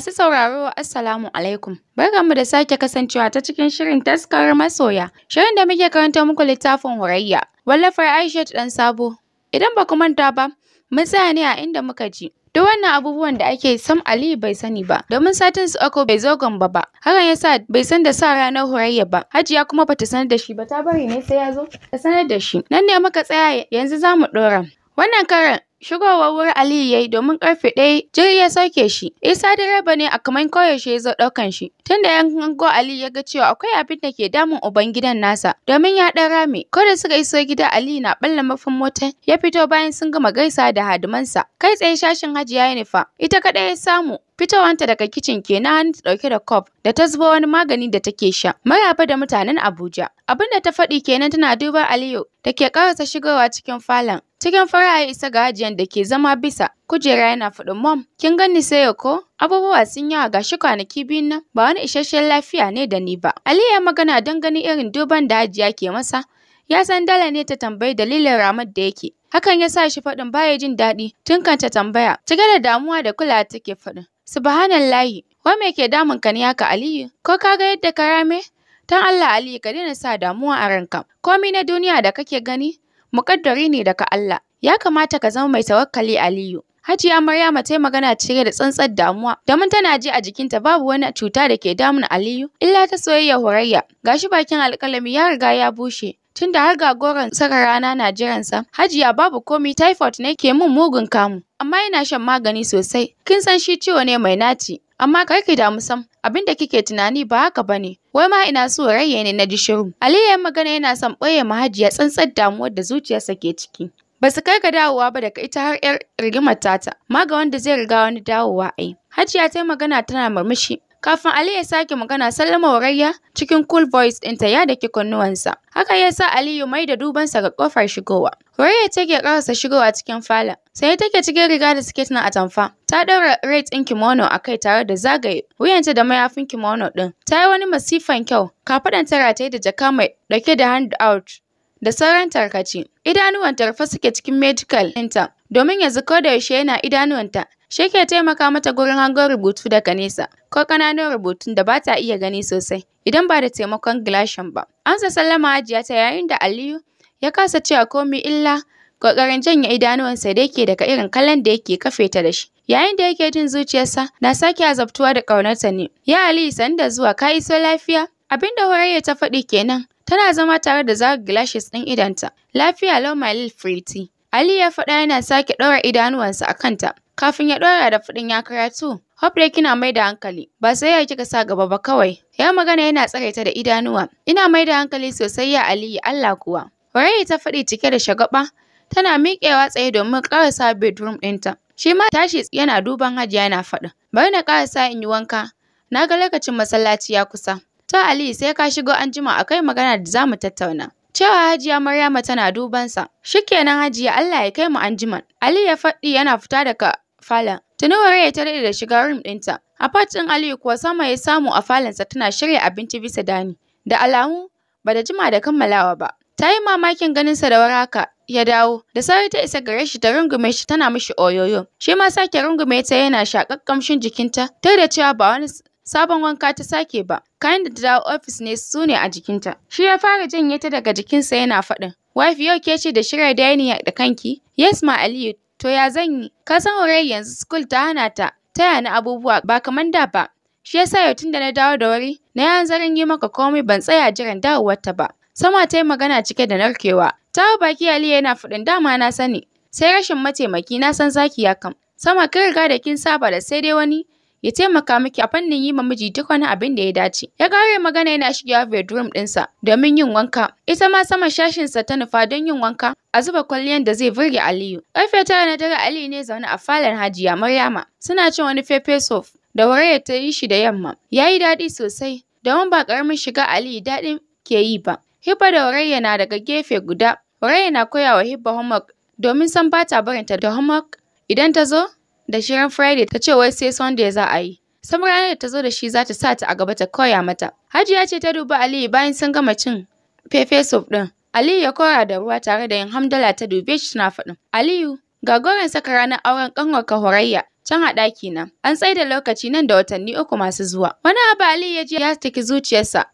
Masu sauraro Assalamu alaikum. Barkanmu da sake kasancewa ta cikin shirin taskar masoya. Shirin da muke karanta muku littafin Hurayya, wallafar Aisha dan Sabo. Idan ba ku manta ba, mun tsaya ne a inda muka ji. Duk wannan abubuwan da ake sam Aliyu bai sani ba, domin satin su ako bai zo gamba ba. Hakan ya sa bai san da sa ranar horayya ba. Hajiya kuma bata sanar da shi ba, ta bari ne sai ya zo ta sanar da shi. Nan ne muka tsaya yanzu za mu ɗora. Wannan karan Shigowar wurin Aliyu yayi domin karfe ɗaya jirgi ya sauke shi. Isa direba ne a kamar koyaushe ya zo ɗaukan shi. Tunda 'yan ango Aliyu ya ga cewa akwai abin da ke damun ubangidan nasa domin ya ɗan rame. Ko da suka iso gida Aliyu na ɓalla murfin mota. ya fito bayan sun gama gaisa da hadimansa. Kai tsaye shashin Hajiya ya nufa. Ita kaɗai ya samu Fitowanta daga kicin ke kenan hannunta ɗauke da kof da ta zuba wani magani da take sha. Maraba da mutanen Abuja. Abin da ta faɗi kenan tana duba Aliyu da ke ƙarasa shigowa cikin falon. Cikin fara'a ya isa ga hajiyan da ke zama bisa kujera yana faɗin mom kin ganni sai ya ko abubuwa sun yawa ga shi kwanaki biyun nan ba wani isasshen lafiya ne da ni ba. Aliyu ya magana don ganin irin duban da hajiya ke masa. Ya san dala ne ta tambayi dalilin ramar da yake. Hakan ya sa shi faɗin baya jin daɗi tun kan ta tambaya. Cike da damuwa da kulawa take faɗin. Subhanallahi, wai me ke damun ka ne haka Aliyu? Ko ka ga yadda ka rame? Don Allah Aliyu ka daina sa damuwa a ranka. Komai na duniya da kake gani muƙaddari ne daga Allah. Ya kamata ka zama mai tawakkali Aliyu. Hajiya Maryama ta yi magana cike da tsantsar damuwa, domin tana ji a jikinta babu wani cuta da ke damun Aliyu, illa ta soyayya hurayya Gashi bakin alƙalami ya riga ya bushe, tunda har ga goron saka rana na jiransa, Hajiya babu komi typhoid ne ke mun mugun kamu, amma yana shan magani sosai, kin san shi ciwo ne mai naci, amma kar ki damu sam, abin da kike tunani ba haka bane, wai ma ina so rayya ne na ji shiru. Aliyu ya magana yana son ɓoye ma Hajiya tsantsar damuwar da zuciyarsa ke ciki. Ba su kai ka dawowa ba daga ita har 'yar rigimar tata, ma wanda zai riga wani dawowa ai. Hajiya ta magana tana murmushi, Kafin Ali ya sake magana, Sallama Warayya cikin cool voice ɗinta ya daki kunnuwansa. Haka ya sa Aliyu mai da dubansa ga ƙofar shigowa. Warayya take karasa shigowa cikin falon. Sai take cikin riga da siket na atamfa. Ta ɗaura red ɗin kimono a kai tare da zagaye wuyanta da mayafin kimono ɗin. Ta yi wani masifan kyau, kafaɗanta ta rataye da jaka mai ɗauke da hand out da sauran tarkace. Idanuwanta rufe suke cikin medical ɗinta domin yanzu yaushe yana idanuwanta shi ke taimaka mata gurin hangon rubutu daga nesa ko ƙananan rubutun da ba ta iya gani sosai idan ba da taimakon gilashin ba. Amsa sallama Hajiya ta yayin da Aliyu ya kasa cewa komai illa ƙoƙarin janye idanuwansa da yake daga irin kallon da yake kafe ta da shi. Yayin da yake jin zuciyarsa na sake azabtuwa da ƙaunarta ne. Ya Aliyu da zuwa ka iso lafiya? Abin da Horayya ta faɗi kenan tana zama tare da zare gilashis ɗin idonta. Lafiya lau my little pretty. Ali ya faɗa yana sake ɗaura idanuwansa a kanta. Kafin ya ɗora da faɗin ya karatu, Hope dai kina mai da hankali, ba sai ya kika sa gaba ba kawai. Ya magana yana tsare ta da idanuwa. Ina mai da hankali sosai ya Aliyu Allah kuwa. warai ta faɗi cike da shagaba, tana miƙewa tsaye domin ƙarasa bedroom ɗinta. Shi ma tashi yana duban Hajiya yana faɗin, bari na ƙarasa in yi wanka, na ga lokacin masallaci ya kusa. To Aliyu sai ka shigo anjima akwai magana da zamu tattauna. cewa Hajiya Maryama tana dubansa. Shikenan Hajiya Allah ya kai mu anjiman. Ali ya faɗi yana fita daga falon. Tuni ya ta daɗe da shiga room ɗinta. A facin Ali Aliyu kuwa sama ya samu a sa tana shirya abinci bisa dani. Da alamu ba da jima da kammalawa ba. Ta yi mamakin sa da waraka ya dawo. Da sauri ta isa gare shi ta rungume shi tana mishi oyoyo. Shi ma sake rungume ta yana shaƙar jikinta. Ta da cewa ba wani sabon wanka ta sake ba. Kayan da ta dawo ofis ne su ne a jikinta. Shi ya fara janye ta daga jikinsa yana faɗin. Wife yau ke ce da shirya dining da kanki? Yes ma Aliyu, to ya zan yi? Ka san wurin yanzu school ta hana ta taya ni abubuwa ba kaman da ba. Shi ya sa yau tun da na dawo da wuri, na yi hanzarin yi maka komai ban tsaya jiran dawowarta ba. Sama ta yi magana cike da narkewa. Ta baki Aliyu yana faɗin dama na sani. Sai rashin mataimaki na san zaki ya kam. Sama kin riga da kin saba da sai dai wani ya taimaka miki a fannin yi ma miji duk wani abin da ya dace. Ya ƙare magana yana shigewa bedroom ɗinsa domin yin wanka. Ita ma saman shashinsa ta nufa don yin wanka a zuba kwalliyar da zai burge Aliyu. Ƙarfe tara na dare Aliyu ne zaune a falon Hajiya Maryama suna cin wani fefe soup da Warayya ta yi shi da yamma. Ya yi daɗi sosai domin ba ƙaramin shiga Aliyu daɗin ke yi ba. Hibba da Warayya na daga gefe guda. Warayya na koya wa Hibba homework domin san ba ta barinta da homework idan ta zo da shirin Friday ta ce wai sai Sunday za a yi. Sam ranar da ta zo da shi za ta sa ta a gaba ta koya mata. Hajiya ce ta duba Aliyu bayan sun gama cin fefe soup ɗin. Aliyu ya kora da ruwa tare da yin hamdala ta dube shi suna faɗin. Aliyu, ga goren saka ranar auren ƙanwar ka Horayya can a ɗaki na. An tsaye da lokaci nan da watanni uku masu zuwa. Wani abu Aliyu ya ji ya taki zuciyarsa.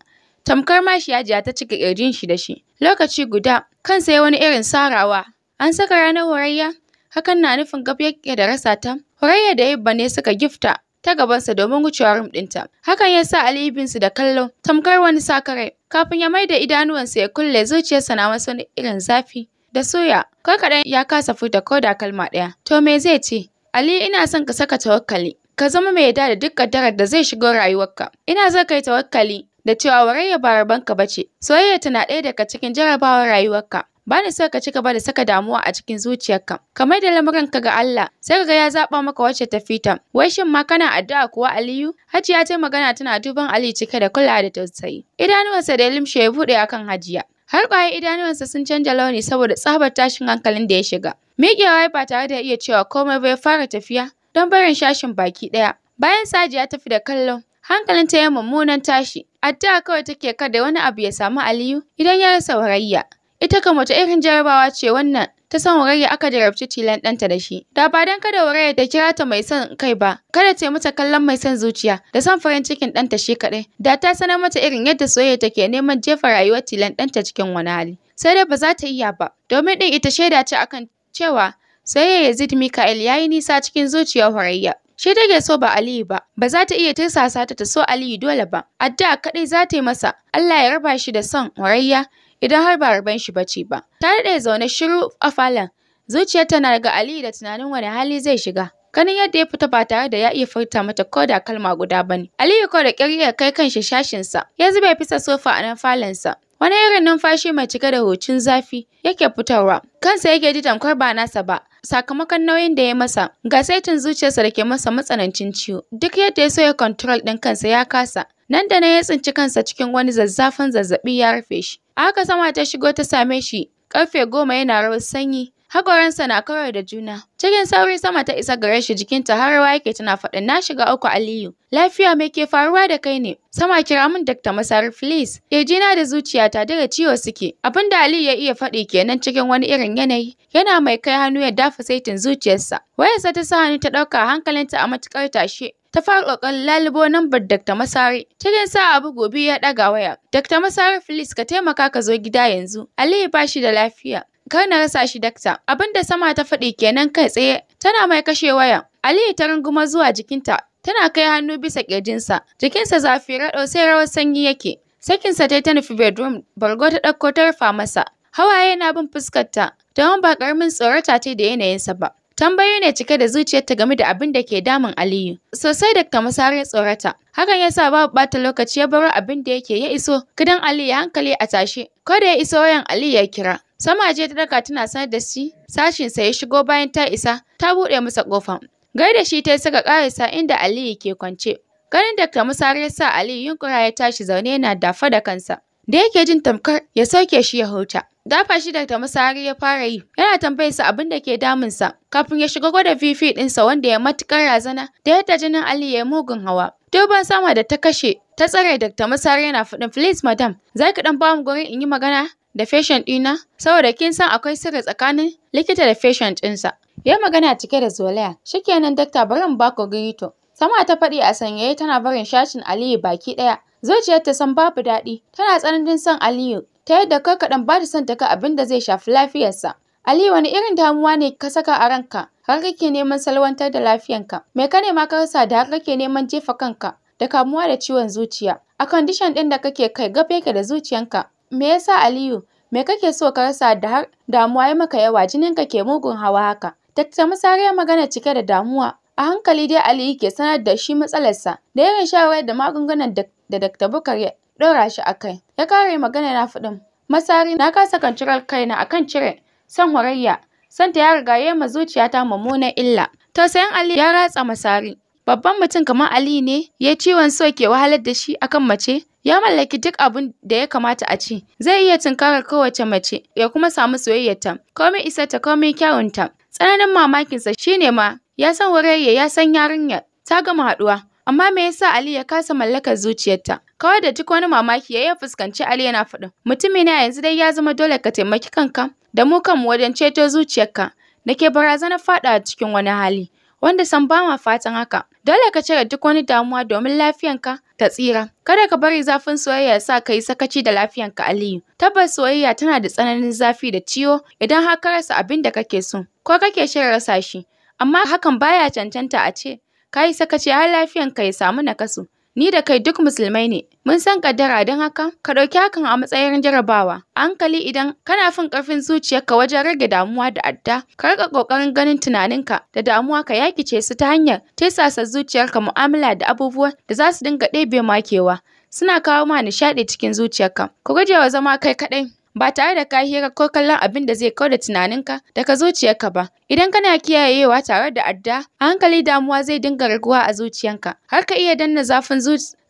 Tamkar ma shi ya ta cika ƙirjin shi da shi. Lokaci guda, kansa ya wani irin sarawa. An saka ranar horayya, hakan na nufin gab yake da rasa ta. Horayya da Hibba ne suka gifta ta gabansa domin wucewa rum ɗinta. Hakan ya sa Ali su da kallo tamkar wani sakarai. Kafin ya maida idanuwansa ya kulle zuciyarsa na wasu irin zafi da soya. Ko kaɗan ya kasa furta ko da kalma ɗaya. To me zai ce? Ali ina son ka saka tawakkali. Ka zama mai yarda da duk ƙaddarar da zai shigo rayuwarka. Ina son kai tawakkali da cewa warayya ba rabanka ba ce. Soyayya tana ɗaya daga cikin jarabawar rayuwarka. ba ni so ka ci gaba da saka damuwa a cikin zuciyarka ka da da lamuranka ga Allah sai kaga ya zaba maka wacce ta fita wai shin ma kana addu'a kuwa Aliyu Hajiya ta magana tana duban Ali cike da kulawa da tausayi idanuwansa da limshe ya bude akan Hajiya har ƙwayar idanuwansa sun canja launi saboda tsabar tashin hankalin da ya shiga miƙewa ba tare da iya cewa komai ba fara tafiya don barin shashin baki ɗaya bayan Sajiya ta fi da kallon ta ya mummunan tashi addu'a kawai take kada wani abu ya samu Aliyu idan ya rasa warayya Ita kam wata irin jarabawa ce wannan ta san Horayya aka jarabci tilan ɗanta da shi. Da ba don kada Horayya ta kira ta mai son kai ba, kada ta yi mata kallon mai son zuciya da son farin cikin ɗanta shi kaɗai, da ta sanar mata irin yadda soyayya take neman jefa rayuwar tilan ɗanta cikin wani hali. Sai dai ba za ta iya ba, domin ɗin ita shaida ce akan cewa soyayya Yazid Mika'il ya yi nisa cikin zuciyar hurayya Shi take so ba Aliyu ba, ba za ta iya tirsasa ta ta so Aliyu dole ba, addu'a kaɗai za ta yi masa, Allah ya raba shi da son Horayya idan har ba rabon shi bace ba. Ta daɗe zaune shiru a falon, zuciyar tana ga Aliyu da tunanin wani hali zai shiga. Ganin yadda ya fita ba tare da ya iya furta mata ko da kalma guda ba ne. Aliyu kawai da ƙyar ya kai kanshi shashinsa, ya zube fisa sofa a nan falonsa. Wani irin numfashi mai cike da hucin zafi yake fitarwa, kansa yake ji tamkar ba nasa ba, sakamakon nauyin da ya masa, ga saitin zuciyarsa da ke masa matsanancin ciwo. Duk yadda ya so ya control ɗin kansa ya kasa, Nan da nan ya tsinci kansa cikin wani zazzafan zazzaɓi ya rufe shi. A haka sama ta shigo ta same shi ƙarfe goma yana rawar sanyi. Haƙoransa na kawar da juna. Cikin sauri sama ta isa gare shi jikinta har rawa yake tana faɗin na shiga uku Aliyu. Lafiya me ke faruwa da kai ne? Sama kira min Dr. Masar please. Kirjina da zuciyata daga ciwo suke. abin da Aliyu ya iya faɗi kenan cikin wani irin yanayi. Yana mai kai hannu ya dafa saitin zuciyarsa. Wayarsa ta sa hannu ta ɗauka hankalinta a matuƙar tashe. ta fara lalubo lambar Dr. Masari. Cikin sa'a abu gobe ya ɗaga waya. Dr. Masari please ka taimaka ka zo gida yanzu. Aliyu ba shi da lafiya. Kar na rasa shi dakta. da sama ta faɗi kenan kai tsaye. Tana mai kashe waya. Aliyu ta runguma zuwa jikinta. Tana kai hannu bisa ƙirjinsa. Jikinsa zafi raɗo sai rawar sanyi yake. Sakinsa ta ta nufi bedroom. Bargo ta ɗauko ta rufa masa. Hawaye na bin fuskarta. Don ba ƙaramin tsorata ta da yanayinsa ba. Tambayoyi ne cike da zuciyarta game da abin da ke damun Aliyu. Sosai Dr. Musare tsorata. Hakan ya sa babu ɓata lokaci ya baro abin da yake ya iso kidan Aliyu ya hankali a tashe. Ko da ya iso wayan Aliyu ya kira. Sama je ta daka tana sanar da shi sashinsa ya shigo bayan ta isa ta buɗe masa ƙofa. da shi ta saka ƙarisa inda Aliyu ke kwance. Ganin da Musare ya sa Aliyu yunkura ya tashi zaune yana dafa da kansa. Da yake jin tamkar ya sauke shi ya huta. dafa shi da musari ya fara yi, yana tambayar sa abin da ke sa kafin ya shiga gwada fifi ɗinsa wanda ya matukar razana da yadda jinin Ali ya mugun hawa. Duban sama da ta kashe, ta tsare Dr. Musari yana faɗin please madam, za ka ɗan bamu gurin in yi magana da patient dina Saboda kin san akwai sirri tsakanin likita da patient ɗinsa. Ya magana cike da zolaya, shikenan dakta bari in ba Sama ta faɗi a sanyaye tana barin shashin Aliyu baki ɗaya. Zuciyarta san babu daɗi, tana tsananin san Aliyu, ta yadda kar kaɗan ba ta son ta abin da zai shafi lafiyarsa. Ali wani irin damuwa ne ka saka a ranka har kake neman salwantar da lafiyanka? Me ka nema ka rasa da har kake neman jefa kanka da kamuwa da ciwon zuciya? A ɗin da kake kai gab yake da zuciyanka. Me yasa Aliyu? Me kake so ka rasa da har damuwa ya maka yawa jininka ke mugun hawa haka? Dakta Musari ya magana cike da damuwa. A hankali dai Aliyu ke sanar da shi matsalarsa da irin shawarar da magungunan da Dakta Bukar ɗora shi a kai. Ya ƙare magana yana faɗin masari na kasa kwanciyar kaina akan cire son horayya santa ya riga ya ma zuciyata mummunan illa. Tausayin Ali ya ratsa masari. Babban mutum kamar Ali ne ya ciwon so ke wahalar da shi akan mace ya mallaki duk abin da ya kamata a ci. Zai iya tunkarar kowace mace ya kuma samu soyayyarta komai ta komai kyawunta. Tsananin mamakinsa shine ma ya san warayya ya san yarinyar ta gama haɗuwa. amma me yasa Ali ya kasa mallakar zuciyarta kawai da duk wani mamaki ya fuskanci Ali yana Mutumin ne yanzu dai ya zama dole ka taimaki kanka da mu kanmu wajen ceto zuciyarka da ke barazanar faɗawa cikin wani hali wanda san ba ma fatan haka dole ka cire duk wani damuwa domin lafiyanka ta tsira kada ka bari zafin soyayya ya sa ka yi sakaci da lafiyanka Aliyu tabbas soyayya tana da tsananin zafi da ciwo idan har ka rasa abin da kake so ko kake shirin rasa shi amma hakan baya cancanta a ce ka yi sakaci har ka ya samu nakasu. Ni da kai duk musulmai ne, mun san kaddara don haka ka ɗauki hakan a matsayin jarabawa. hankali idan kana fin ƙarfin zuciyarka wajen rage damuwa da adda, ka rika ƙoƙarin ganin tunaninka da damuwa ka yakice su ta hanyar tesasa zuciyarka mu'amala da abubuwan da za su dinga ɗebe makewa. Suna kawo ma nishaɗi cikin zuciyarka. Ku gujewa zama kai kaɗai. ba tare da ka hira ko kallon abin da zai kau da tunaninka daga zuciyarka ba. Idan kana kiyayewa tare da adda, a hankali damuwa zai dinga raguwa a zuciyanka, har ka iya danna zafin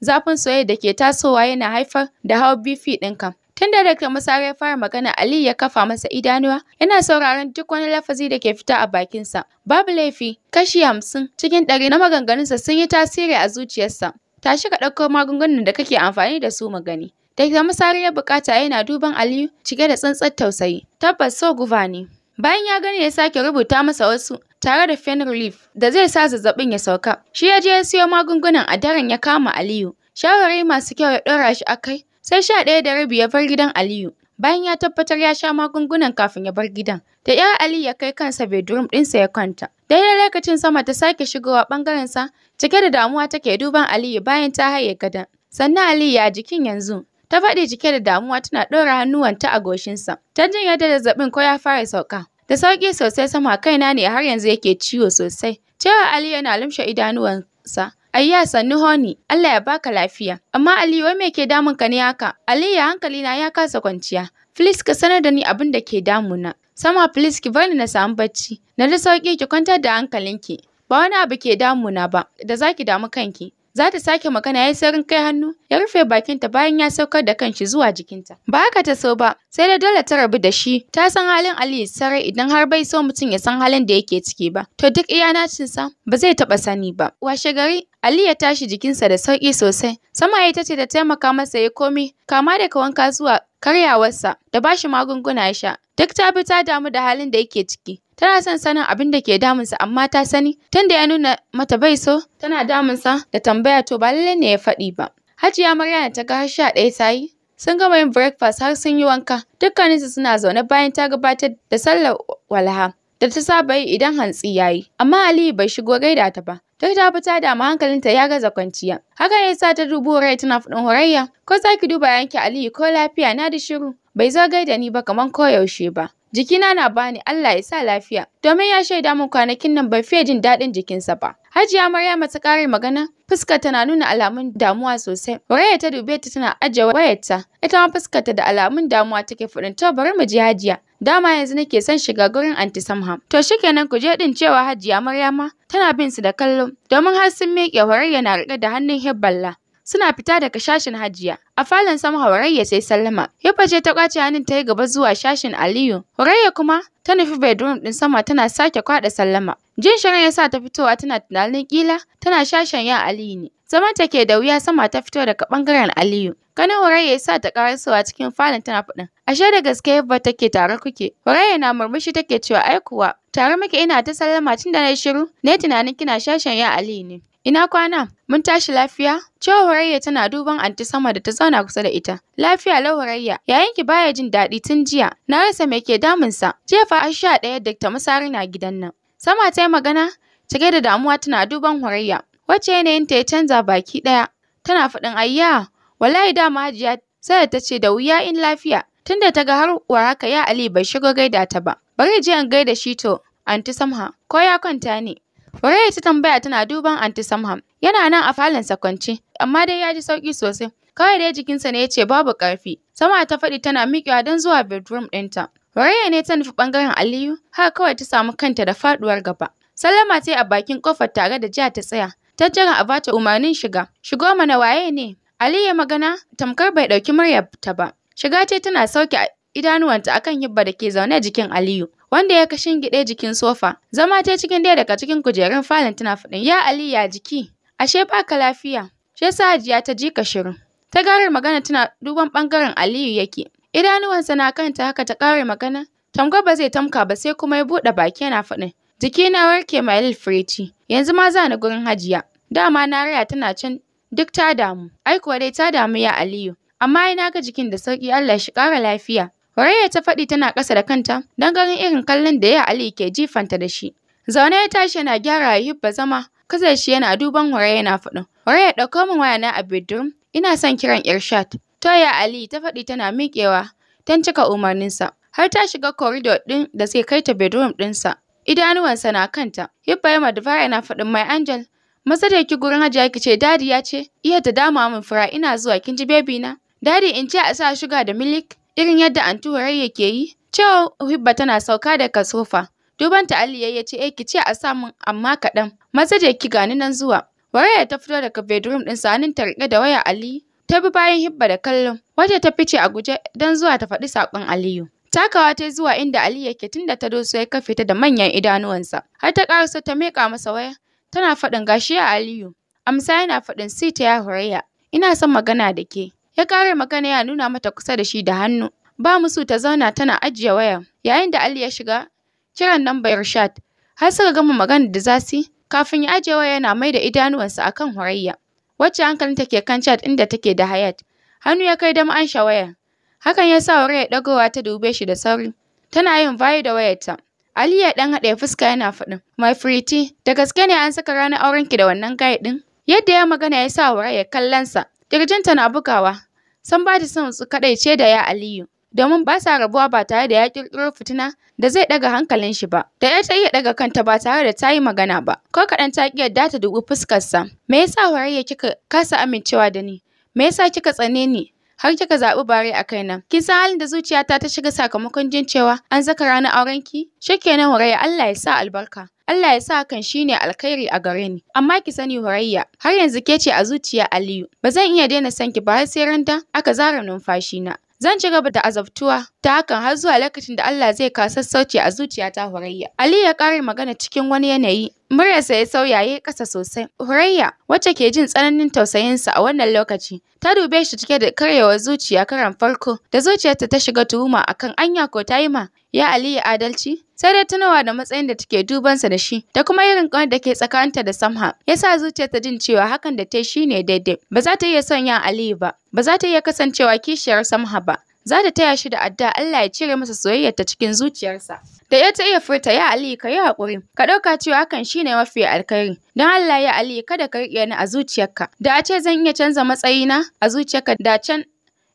zafin soyayya da ke tasowa yana haifar da hawan BP ɗinka. Tun da Dr. masarar fara magana, Aliyu ya kafa masa idanuwa, yana sauraron duk wani lafazi da ke fita a bakinsa. Babu laifi, kashi hamsin cikin ɗari na maganganunsa sun yi tasiri a zuciyarsa. Tashi ka ɗauko magungunan da kake amfani da su magani. da Musari ya bukata yana duban Aliyu cike da tsantsar tausayi. Tabbas so guba ne. Bayan ya gani ya sake rubuta masa wasu tare da fen relief da zai sa zazzabin ya sauka. Shi ya je ya siyo magungunan a daren ya kama Aliyu. Shawarwari masu kyau ya ɗora shi a kai. Sai sha ɗaya da rabi ya bar gidan Aliyu. Bayan ya tabbatar ya sha magungunan kafin ya bar gidan. Da ‘yar Aliyu ya kai kansa bedroom ɗinsa ya kwanta. Daidai lokacin sama ta sake shigowa sa cike da damuwa take duban Aliyu bayan ta haye gada, Sannan Aliyu ya jikin yanzu? Ta faɗi cike da damuwa tana ɗora hannuwanta a goshinsa. Ta jin yadda zazzabin ko ya fara sauka. Da sauƙi sosai sama kaina ne har yanzu yake ciwo sosai. Cewa Ali yana lumshe idanuwansa. Ayya sannu honi, Allah ya baka lafiya. Amma Ali wai me ke damun ka ne haka? Ali ya hankali na ya kasa kwanciya. Please ka sanar da ni abin da ke damuna. Sama please ki bari na samu bacci. Na da sauƙi ki kwantar da hankalinki. Ba wani abu ke damuna ba da zaki damu kanki. za ta sake magana ya yi saurin kai hannu ya rufe bakinta bayan ya saukar da kanshi zuwa jikinta. Ba haka ta so ba, sai da dole ta rabu da shi, ta san halin Aliyu sarai idan har bai so mutum ya san halin da yake ciki ba, to duk iya nacinsa ba zai taɓa sani ba. Washe gari, Ali ya tashi jikinsa da sauƙi sosai, sama ita ce ta taimaka masa ya komi, kama daga wanka zuwa karyawarsa da bashi magunguna ya sha. Duk ta bi ta damu da halin da yake ciki, Tana son sanin abin da ke damunsa amma ta sani tunda ya nuna mata bai so tana damunsa da tambaya to ba lallai ne ya faɗi ba. Hajiya maryana ta ga har sha ɗaya ta yi sun gama yin breakfast har sun yi wanka dukkaninsu suna zaune bayan ta gabatar da sallar walha da ta saba yi idan hantsi ya yi amma Aliyu bai shigo gaida ta ba duk ta fita da amma hankalinta ya gaza kwanciya Haka ya sa ta dubu Horai tana faɗin Horayya ko za ki duba yanki Aliyu ko lafiya na da shiru bai zo gaida ni ba kamar koyaushe ba Jikina na bani Allah ya sa lafiya domin ya shaida min kwanakin nan ban fiye jin daɗin jikinsa ba. Hajiya Maryama ta ƙare magana fuskar ta na nuna alamun damuwa sosai. Waraya ta dube ta tana ajiye wayarta ita ma fuskar ta da alamun damuwa take faɗin to bari mu je Hajiya. Dama yanzu nake son shiga gurin anti Samham. To shikenan ku je din cewa Hajiya Maryama tana bin su da kallo domin har sun miƙe Waraya na riƙe da hannun Hibballa. suna fita daga shashin Hajiya. A falon sama Horayya sai sallama. ya ce ta kwace hannun ta yi gaba zuwa shashin Aliyu. Horayya kuma ta nufi bedroom ɗin sama tana sake kwaɗa sallama. Jin shirin ya sa ta fitowa tana tunanin ƙila tana shashin ya Aliyu ne. Zaman ta ke da wuya sama ta fito daga ɓangaren Aliyu. Ganin Horayya ya sa ta karasowa cikin falon tana faɗin. Ashe da gaske yabba take tare kuke. Horayya na murmushi take cewa ai kuwa tare muke ina ta sallama tun da na shiru Ne tunanin kina shashin ya Aliyu ne. Ina kwana? Mun tashi lafiya? Cewa hurayya tana duban anti sama da ta zauna kusa da ita. Lafiya lau Ya yayanki baya jin daɗi tun jiya. Na rasa me ke damunsa. Jiya fa an sha ɗaya Dr. Musari na gidan nan. Sama ta yi magana cike da damuwa tana duban hurayya. Wacce yanayinta ya canza baki ɗaya. Tana faɗin ayya, wallahi dama Hajiya sai ta ce da wuya in lafiya. Tunda ta ga har waraka ya Ali bai shigo gaida ta ba. Bari je in gaida shi to, anti Samha, ko ya kwanta ne? Furaiya ta tambaya tana duban anti Samham. Yana nan a falonsa kwance, amma dai ya ji sauƙi sosai. Kawai dai jikinsa ne ya ce babu ƙarfi. Sama ta faɗi tana miƙewa don zuwa bedroom ɗinta. Furaiya ne ta nufi ɓangaren Aliyu, haka kawai ta samu kanta da faɗuwar gaba. Sallama ta yi a bakin ƙofar tare da jiya ta tsaya. Ta jira a bata umarnin shiga. Shigo mana waye ne? ali ya magana tamkar bai ɗauki ta ba. Shiga ce tana sauke idanuwanta akan hibba da ke zaune jikin Aliyu. wanda ya ka shingiɗe jikin sofa. Zama ta cikin ɗaya daga cikin kujerun falon tana faɗin ya Ali ya jiki, ashe baka lafiya. Shi yasa Hajiya ta ji ka shirin. Ta ƙarar magana tana duban bangaren Aliyu yake. Idanuwansa na kanta haka ta ƙara magana. Tamko ba zai tamka ba sai kuma ya buɗe baki yana faɗin. Jiki na warke mai little yanzu ma za ni gurin Hajiya. Dama na raya tana can duk ta damu. Ai kuwa dai ta damu ya Aliyu. Amma ai na ga jikin da sarki Allah shi ƙara lafiya. Warayya ta faɗi tana ƙasa da kanta don ganin irin kallon da ya Ali ke jifanta da shi. Zaune ya tashi yana gyara hibba zama, kasar shi yana duban Warayya yana faɗin. Warayya ɗauko min wayana a bedroom, ina son kiran Irshad. ya Ali ta faɗi tana miƙewa don cika umarninsa. Har ta shiga corridor ɗin da zai kai ta bedroom ɗinsa. Idanuwansa na kanta. Hibba ya madubara yana faɗin mai Angel. Masa da ki gurin Hajiya ki ce dadi ya ce, iya ta dama min fura ina zuwa kin ji baby na. Dadi in ce a sa sugar da milk. irin yadda anti Horayya ke yi? Cewa Hibba tana sauka daga sofa. dubanta ta Ali ya ce, "Eh, ki ce a sa min amma kaɗan. Maza je ki gani nan zuwa." Waraya ta fito daga bedroom din sanin ta riƙe da waya Ali. Ta bi bayan Hibba da kallon, Waje ta fice a guje don zuwa ta faɗi saƙon Aliyu. Takawa ta zuwa inda Ali yake tunda ta doso ya kafe ta da manyan idanuwansa. Har ta ƙarasa ta miƙa masa waya, tana faɗin gashi a Aliyu. Amsa yana faɗin sita ya Horayya, ina son magana da ke. Ya ƙara magana ya nuna mata kusa da shi da hannu. Ba musu ta zauna tana ajiye waya. Yayin da Ali ya shiga kiran nambar Rashad. Har suka gama magana da zasi. kafin ya ajiye waya yana mai da idanuwansa akan Hurayya. Wacce hankalinta ke kan Chad inda take da Hayat. Hannu ya kai dama sha waya. Hakan ya sa Hurayya dagowa ta dube shi da sauri. Tana yin baya da wayarta. Ali ya ɗan haɗe fuska yana faɗin, My pretty, da gaske ne an saka ranar aurenki da wannan guy ɗin? Yadda ya magana ya sa Hurayya kallonsa, ƙirjinta na bugawa, san bada Son su kaɗai ce da ya Aliyu. domin ba sa rabuwa ba tare da ya ƙirƙiro fitina da zai ɗaga hankalin shi ba. Da ya ta iya ɗaga kanta ba tare da ta yi magana ba, ko kaɗan ta ƙi yarda ta dubi fuskarsa. Me yasa warayya kika kasa amincewa da ni? Me yasa kika tsane ni? har kika zaɓi bare a kaina. Kin san halin da zuciyata ta shiga sakamakon jin cewa an zaka ranar aurenki? Shikenan Horayya Allah ya sa albarka. Allah ya sa shi shine alkhairi a gare ni. Amma ki sani Horayya, har yanzu ke ce a zuciya Aliyu. Ba zan iya daina sanki, ki ba har sai randa aka zara numfashi na. Zan ci gaba da azabtuwa ta hakan har zuwa lokacin da Allah zai kawo sassauci a zuciyata Hurayya. Ali ya ƙare magana cikin wani yanayi, muryarsa ya sauya ya yi ƙasa sosai. Hurayya, wacce ke jin tsananin tausayinsa a wannan lokaci, ta dube shi cike da karyawa zuciya karan farko, da zuciyarta ta shiga tuhuma akan anya ko ta yi ma ya Ali adalci? sai dai tunawa da matsayin da take dubansa da shi da kuma irin ƙaunar da ke tsakanta da Samha yasa ta jin cewa hakan da ta yi shine daidai ba za ta iya son ya Aliyu ba ba za ta iya kasancewa kishiyar Samha ba za ta taya shi da addu'a Allah ya cire masa soyayya ta cikin zuciyarsa. Da ya ta iya furta ya Aliyu ka yi haƙuri, ka ɗauka cewa hakan shi ne mafi alkhairi. Don Allah ya Aliyu kada ka riƙe ni a zuciyarka. Da a ce zan iya canza matsayina a zuciyarka da can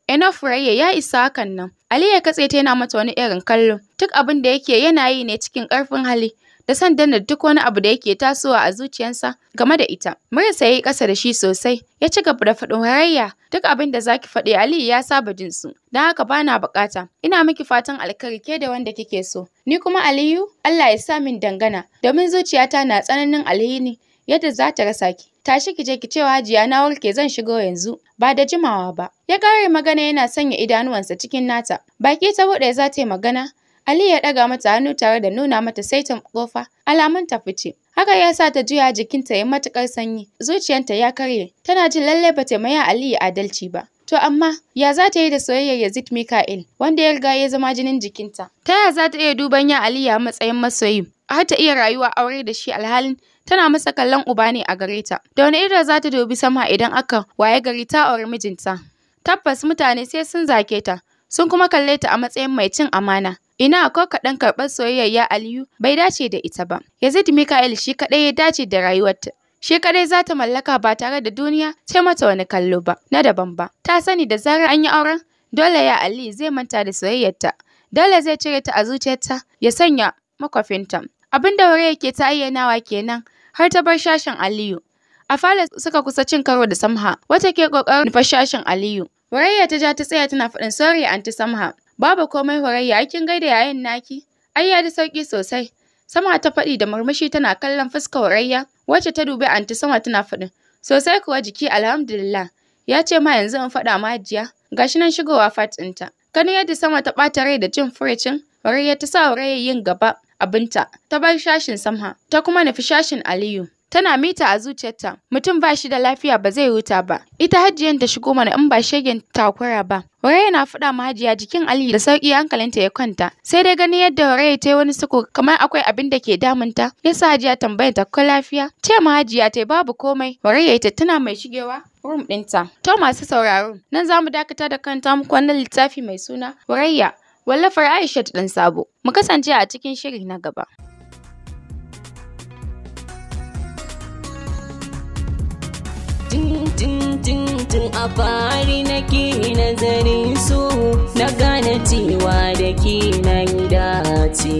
Enough raye ya isa hakan nan. Ali ya katse ta yana mata wani irin kallo. Duk abin da yake yana yi ne cikin ƙarfin hali da son danna duk wani abu da yake tasowa a zuciyarsa game da ita. Muryarsa ya yi ƙasa da shi sosai, ya ci gaba da faɗin harayya. Duk abin da za ki faɗi Aliyu ya saba jin su, don haka ba na buƙata. Ina miki fatan alkhairi ke da wanda kike so. Ni kuma Aliyu, Allah ya sa min dangana, domin zuciyata na tsananin alhini yadda za ta rasa ki. Tashi ki je ki cewa Hajiya na warke zan shigo yanzu ba da jimawa ba. Ya ƙare magana yana sanya idanuwansa cikin nata. Baki ta buɗe za ta yi magana. Aliyu ya ɗaga mata hannu tare da nuna mata saitin ƙofa alamun ta fice. Haka ya sa ta juya jikinta ya matuƙar sanyi. Zuciyanta ya karye. Tana jin lalle ba ta maya Ali adalci ba. To amma ya za ta yi da soyayyar Yazid Mika'il wanda ya riga ya zama jinin jikinta? Ta ya za ta iya duban ya Aliyu a matsayin masoyi? Har ta iya rayuwa aure da shi alhalin tana masa kallon uba ne a gare ta. Da wani ido za ta dubi sama idan aka waye gari ta auri mijinta. Tabbas mutane sai sun zake ta, sun kuma kalle ta a matsayin mai cin amana. Ina ko kaɗan karɓar soyayya ya Aliyu bai dace da ita ba. Yazid Mikael shi kaɗai ya dace da rayuwarta. Shi kaɗai za ta mallaka ba tare da duniya ce mata wani kallo ba, na daban ba. Ta sani da zarar an yi auren, dole ya Ali zai manta da soyayyarta. Dole zai cire ta a zuciyarta ya sanya makwafinta. Abin da Horea ke ta ayyanawa kenan har ta bar shashin Aliyu. A falo suka kusa cin karo da Samha, wata ke ƙoƙarin nufar shashin Aliyu. Warayya ta ja ta tsaya tana faɗin sorry anti Samha. Babu komai warayya ai kin gaida yayin naki? Ai ya ji sauƙi sosai. Sama ta faɗi da murmushi tana kallon fuskar Horea, wacce ta dubi anti Samha tana faɗin. Sosai kuwa jiki alhamdulillah. Ya ce ma yanzu in faɗa ma hajiya. Gashi nan shigowa fat ɗinta. Ganin yadda Sama ta ɓata rai da jin furicin, Warayya ta sa Horea yin gaba. abinta ta bar shashin Samha ta kuma nufi shashin Aliyu. Tana mita a zuciyarta, mutum ba shi da lafiya ba zai wuta ba. Ita hajiyan ta shigo mana in ba shegen takura ba. Horeya na faɗa ma hajiya jikin Aliyu da sauƙi hankalinta ya kwanta. Sai dai gani yadda Horeya ta yi wani suko kamar akwai abin da ke damunta. Yasa hajiya tambayar ta ko lafiya. Ce ma hajiya ta babu komai. Horeya ta tana mai shigewa Rum ɗinta. To masu sauraro, nan za mu dakata da kanta muku wannan littafi mai suna Horeya Wallafar aisha ɗan sabo. Mu kasance a cikin shiri na gaba. Tun a fari ke nazarin su na gane cewa da ke dace.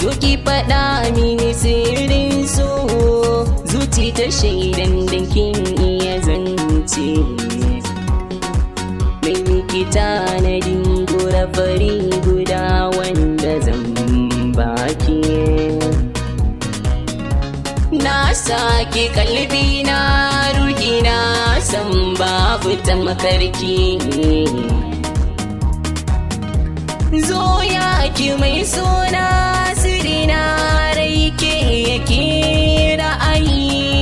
Zo ki faɗa mini sirrin su zuci ta shaidan da kin iya zance. tanadin gura fari guda wanda zan baki na sake kalbi na ruhi na san babu ta makarki zo yaki mai suna sirina rai ke yake ra'ayi